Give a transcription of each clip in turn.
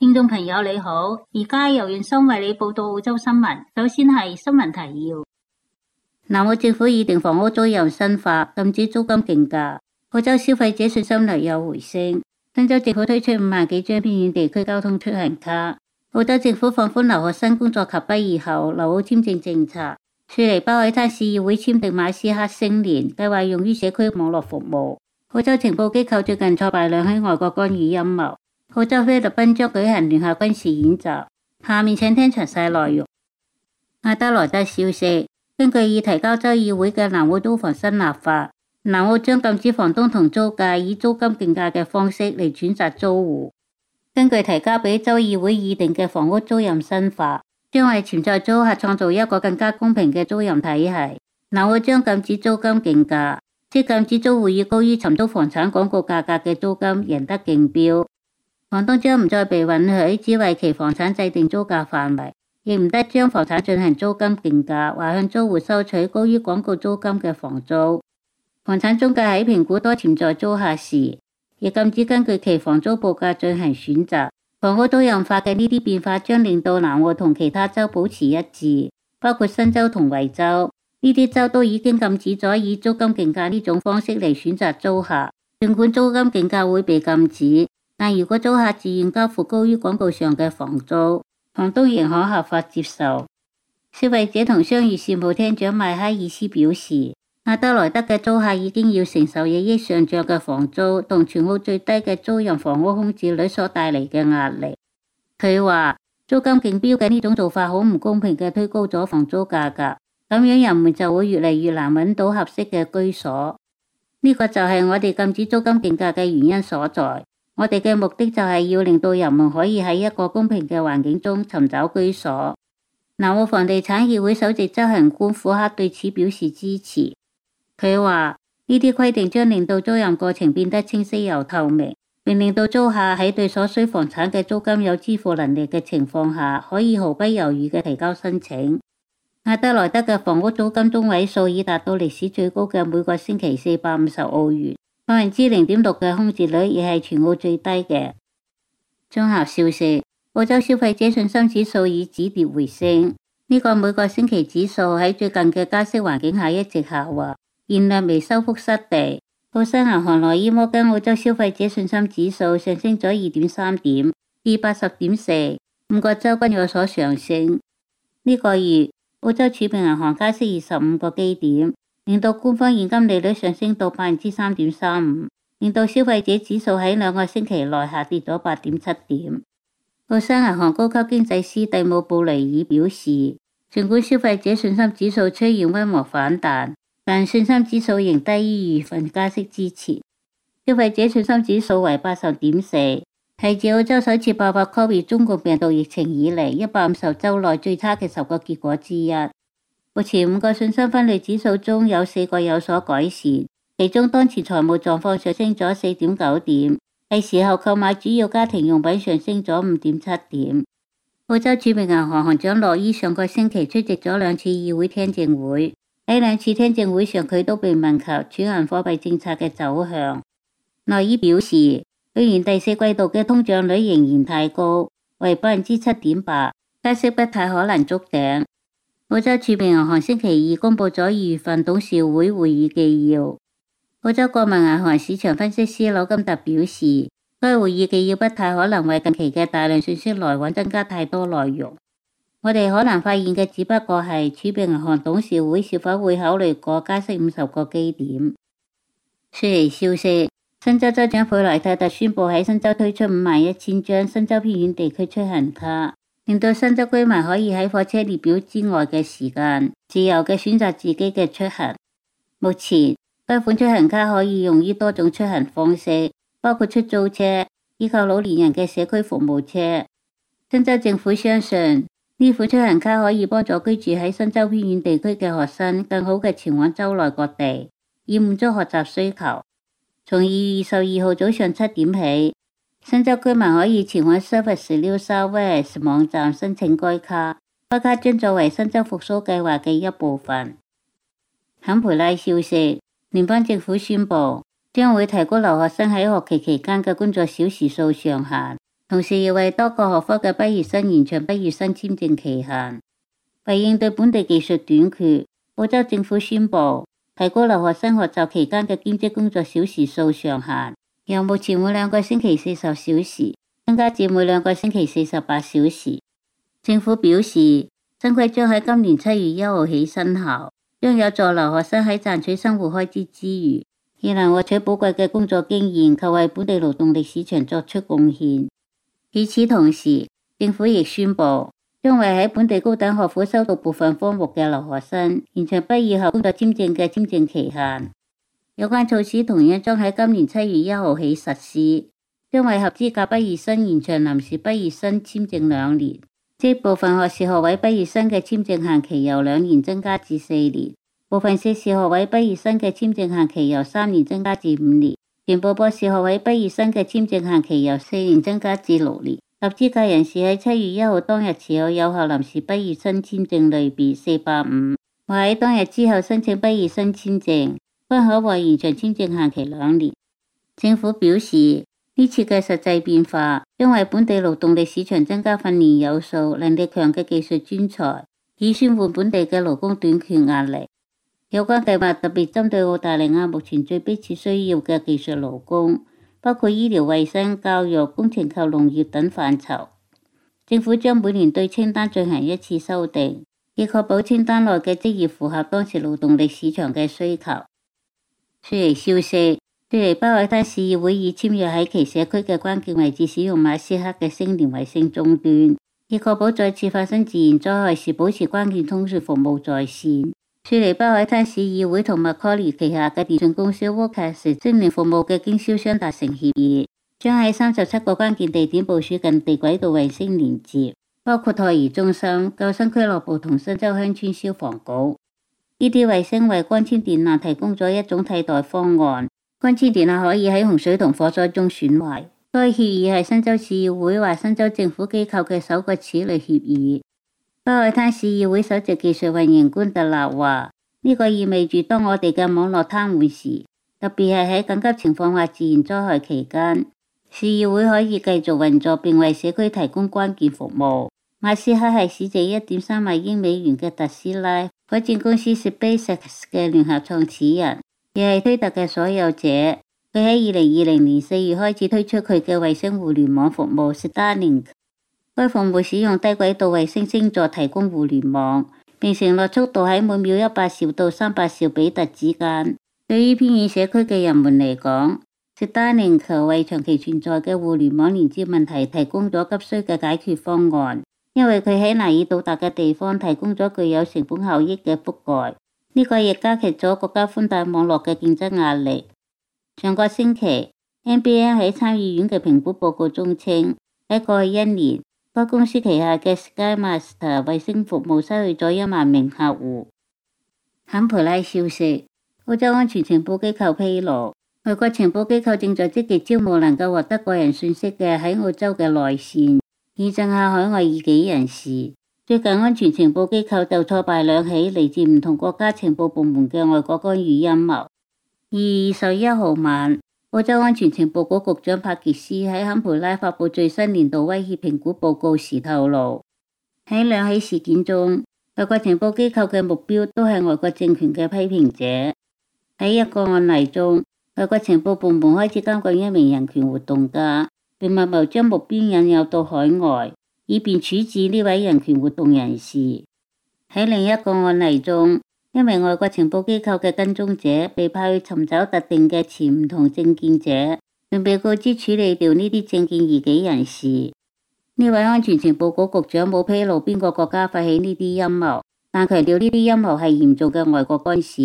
聽眾朋友你好，而家由袁生為你報道澳洲新聞。首先係新聞提要：南澳政府擬定房屋租賃新法，禁止租金競價；澳洲消費者信心略有回升；新州政府推出五萬幾張偏遠地區交通出行卡；澳洲政府放寬留學生工作及畢業後留澳簽證政策；雪梨巴海灘市議會簽訂馬斯克星鏈計劃，用於社區網絡服務；澳洲情報機構最近挫敗兩起外國干預陰謀。澳洲菲律賓將舉行聯合軍事演習，下面請聽詳細內容。阿德萊德消息，根據已提交州議會嘅南澳租房新立法，南澳將禁止房東同租客以租金競價嘅方式嚟選擇租戶。根據提交俾州議會擬定嘅房屋租賃新法，將為潛在租客創造一個更加公平嘅租賃體系。南澳將禁止租金競價，即禁止租戶以高於尋租房產廣告價格嘅租金贏得競標。房東將唔再被允許只為其房產制定租價範圍，亦唔得將房產進行租金競價，或向租戶收取高於廣告租金嘅房租。房產中介喺評估多潛在租客時，亦禁止根據其房租報價進行選擇。房屋多樣化嘅呢啲變化將令到南澳同其他州保持一致，包括新州同維州。呢啲州都已經禁止咗以租金競價呢種方式嚟選擇租客，盡管租金競價會被禁止，但如果租客自願交付高於廣告上嘅房租，房東仍可合法接受。消費者同商業事務廳長邁克爾斯表示，阿德萊德嘅租客已經要承受日益上漲嘅房租同全屋最低嘅租賃房屋空置率所帶嚟嘅壓力。佢話租金競標嘅呢種做法好唔公平嘅，推高咗房租價格，咁樣人們就會越嚟越難揾到合適嘅居所。呢、這個就係我哋禁止租金競價嘅原因所在。我哋嘅目的就係要令到人們可以喺一個公平嘅環境中尋找居所。南澳房地產協會首席執行官虎克對此表示支持。佢話呢啲規定將令到租賃過程變得清晰又透明，並令到租客喺對所需房產嘅租金有支付能力嘅情況下，可以毫不猶豫嘅提交申請。亞德萊德嘅房屋租金中位數已達到歷史最高嘅每個星期四百五十澳元。百分之零點六嘅空置率，亦係全澳最低嘅。綜合消息，澳洲消費者信心指數已止跌回升。呢、這個每個星期指數喺最近嘅加息環境下一直下滑，現略微收復失地。澳新銀行羅伊摩根澳洲消費者信心指數上升咗二點三點，至八十點四，五個州均有所上升。呢、這個月澳洲儲備銀行加息二十五個基點。令到官方現金利率上升到百分之三點三五，令到消費者指數喺兩個星期內下跌咗八點七點。澳新銀行高級經濟師蒂姆布雷爾，爾表示，儘管消費者信心指數出現溫和反彈，但信心指數仍低於二月份加息支持。消費者信心指數為八十點四，係自澳洲首次爆發 Covid 中國病毒疫情以嚟一百五十週內最差嘅十個結果之一。目前五個信心分類指數中有四個有所改善，其中當前財務狀況上升咗四點九點，係時候購買主要家庭用品上升咗五點七點。澳洲著名銀行行長諾伊上個星期出席咗兩次議會聽證會，喺兩次聽證會上佢都被問及儲銀貨幣政策嘅走向。諾伊表示，去年第四季度嘅通脹率仍然太高，為百分之七點八，加息不太可能觸頂。澳洲儲備銀行星期二公布咗二月份董事會會議紀要。澳洲國民銀行市場分析師劉金達表示，該會議紀要不太可能為近期嘅大量信息來往增加太多內容。我哋可能發現嘅只不過係儲備銀行董事會是否會考慮過加息五十個基點。舒期消息，新州州長佩萊泰特，特宣布喺新州推出五萬一千張新州偏遠地區出行卡。令到新州居民可以喺火車列表之外嘅時間自由嘅選擇自己嘅出行。目前，該款出行卡可以用於多種出行方式，包括出租車依靠老年人嘅社區服務車。新州政府相信呢款出行卡可以幫助居住喺新州偏遠地區嘅學生更好嘅前往州內各地，以滿足學習需求。從二月二十二號早上七點起。新州居民可以前往 Service NSW 網站申請該卡，該卡將作為新州復蘇計劃嘅一部分。坎培拉消息，聯邦政府宣布將會提高留學生喺學期期間嘅工作小時數上限，同時要為多個學科嘅畢業生延長畢業生簽證期限。為應對本地技術短缺，澳洲政府宣布提高留學生學習期間嘅兼職工作小時數上限。由目前每兩個星期四十小時增加至每兩個星期四十八小時，政府表示新規將喺今年七月一號起生效，將有助留學生喺賺取生活開支之餘，亦能獲取寶貴嘅工作經驗及為本地勞動力市場作出貢獻。與此同時，政府亦宣布將為喺本地高等學府修讀部分科目嘅留學生延長畢業後工作簽證嘅簽證期限。有關措施同樣將喺今年七月一號起實施，將為合資格畢業生延長臨時畢業生簽證兩年。即部分學士學位畢業生嘅簽證限期由兩年增加至四年，部分碩士學位畢業生嘅簽證限期由三年增加至五年，全部博士學位畢業生嘅簽證限期由四年增加至六年。合資格人士喺七月一號當日持有有效臨時畢業生簽證類別四百五，或喺當日之後申請畢業生簽證。均可獲延長簽證限期兩年。政府表示，呢次嘅實際變化將為本地勞動力市場增加訓練有素、能力強嘅技術專才，以舒緩本地嘅勞工短缺壓力。有關計劃特別針對澳大利亞目前最迫切需要嘅技術勞工，包括醫療衛生、教育、工程及農業等範疇。政府將每年對清單進行一次修訂，以確保清單內嘅職業符合當時勞動力市場嘅需求。雪梨消息：雪梨巴海灘市議會已簽約喺其社區嘅關鍵位置使用馬斯克嘅星鏈衛星終端，以確保再次發生自然災害時保持關鍵通訊服務在線。雪梨巴海灘市議會同麥柯利旗下嘅電信公司沃客星鏈服務嘅經銷商達成協議，將喺三十七個關鍵地點部署近地軌道衛星連接，包括托兒中心、救生俱樂部同新州鄉村消防局。呢啲衛星為光纖電纜提供咗一種替代方案。光纖電纜可以喺洪水同火災中損壞。該協議係新州市議會或新州政府機構嘅首個此類協議。北海灘市議會首席技術運營官特納話：呢個意味住，當我哋嘅網絡癱瘓時，特別係喺緊急情況或自然災害期間，市議會可以繼續運作，並為社區提供關鍵服務。馬斯克係市值一點三萬億美元嘅特斯拉火箭公司 SpaceX 嘅聯合創始人，亦係推特嘅所有者。佢喺二零二零年四月開始推出佢嘅衛星互聯網服務 Starlink。該 St 服務使用低軌道衛星星座提供互聯網，並承諾速度喺每秒一百兆到三百兆比特之間。對於偏遠社區嘅人們嚟講，Starlink 為長期存在嘅互聯網連接問題提供咗急需嘅解決方案。因為佢喺難以到達嘅地方提供咗具有成本效益嘅覆蓋，呢個亦加劇咗國家寬帶網絡嘅競爭壓力。上個星期，NBN 喺參議院嘅評估報告中稱，喺過去一年，該公司旗下嘅 SkyMaster 衛星服務失去咗一萬名客戶。坎培拉消息，澳洲安全情報機構披露，外國情報機構正在積極招募能夠獲得個人信息嘅喺澳洲嘅內線。以震下海外異己人士。最近，安全情報機構就挫敗兩起嚟自唔同國家情報部門嘅外國干預陰謀。而二十一號晚，澳洲安全情報局局長帕傑斯喺堪培拉發布最新年度威脅評估報告時透露，喺兩起事件中，外國情報機構嘅目標都係外國政權嘅批評者。喺一個案例中，外國情報部門開始監控一名人權活動家。並密謀將目標引誘到海外，以便處置呢位人權活動人士。喺另一個案例中，一名外國情報機構嘅跟蹤者被派去尋找特定嘅持不同政見者，並被告知處理掉呢啲政見異己人士。呢位安全情報局局長冇披露邊個國家發起呢啲陰謀，但強調呢啲陰謀係嚴重嘅外國干涉。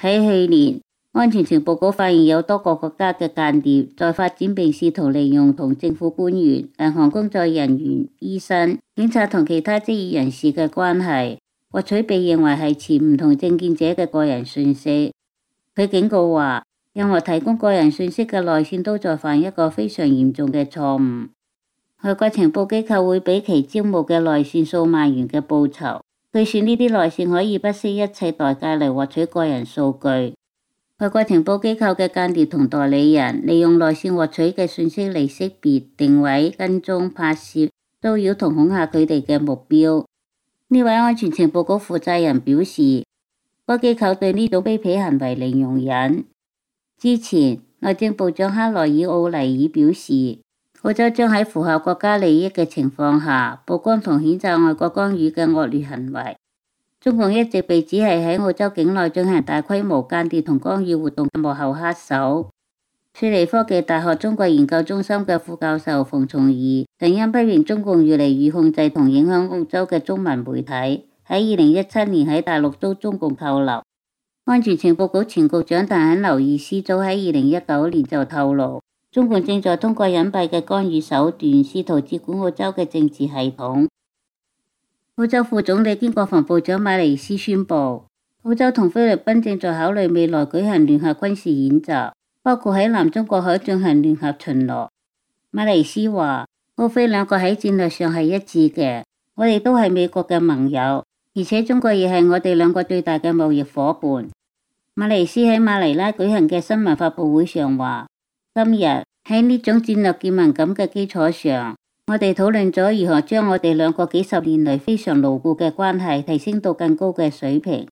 喺去年，安全情報局發現有多個國家嘅間諜在發展，並試圖利用同政府官員、銀行工作人員、醫生、警察同其他職業人士嘅關係，獲取被認為係持唔同政見者嘅個人訊息。佢警告話，任何提供個人信息嘅內線都在犯一個非常嚴重嘅錯誤。外國情報機構會俾其招募嘅內線數萬元嘅報酬，據說呢啲內線可以不惜一切代價嚟獲取個人數據。外國情報機構嘅間諜同代理人利用內線獲取嘅信息嚟識別、定位、跟蹤、拍攝、騷擾同恐嚇佢哋嘅目標。呢位安全情報局負責人表示，該機構對呢種卑鄙行為零容忍。之前內政部長克萊爾奧尼爾表示，澳洲將喺符合國家利益嘅情況下曝光同譴責外國干預嘅惡劣行為。中共一直被指係喺澳洲境內進行大規模間諜同干預活動嘅幕後黑手。雪梨科技大學中國研究中心嘅副教授馮崇義曾因批評中共越嚟越控制同影響澳洲嘅中文媒體，喺二零一七年喺大陸遭中共扣留。安全情報局前局長但肯劉易斯早喺二零一九年就透露，中共正在通過隱蔽嘅干預手段，試圖接管澳洲嘅政治系統。澳洲副總理兼國防部長馬尼斯宣布，澳洲同菲律賓正在考慮未來舉行聯合軍事演習，包括喺南中國海進行聯合巡邏。馬尼斯話，澳菲兩個喺戰略上係一致嘅，我哋都係美國嘅盟友，而且中國亦係我哋兩個最大嘅貿易伙伴。馬尼斯喺馬尼拉舉行嘅新聞發布會上話，今日喺呢種戰略建盟感嘅基礎上。我哋討論咗如何將我哋兩國幾十年嚟非常牢固嘅關係提升到更高嘅水平。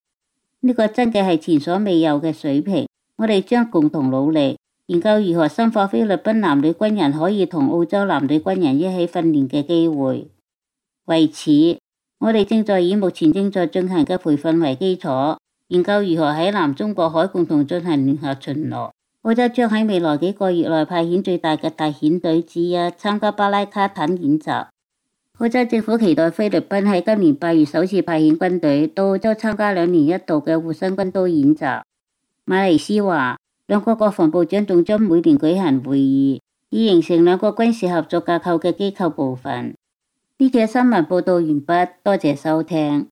呢、這個真嘅係前所未有嘅水平。我哋將共同努力，研究如何深化菲律賓男女軍人可以同澳洲男女軍人一起訓練嘅機會。為此，我哋正在以目前正在進行嘅培訓為基礎，研究如何喺南中國海共同進行聯合巡邏。澳洲將喺未來幾個月內派遣最大嘅大遣隊之一參加巴拉卡坦演習。澳洲政府期待菲律賓喺今年八月首次派遣軍隊到澳洲參加兩年一度嘅護身軍刀演習。馬尼斯話，兩國國防部長仲將每年舉行會議，以形成兩國軍事合作架構嘅機構部分。呢則新聞報道完畢，多謝收聽。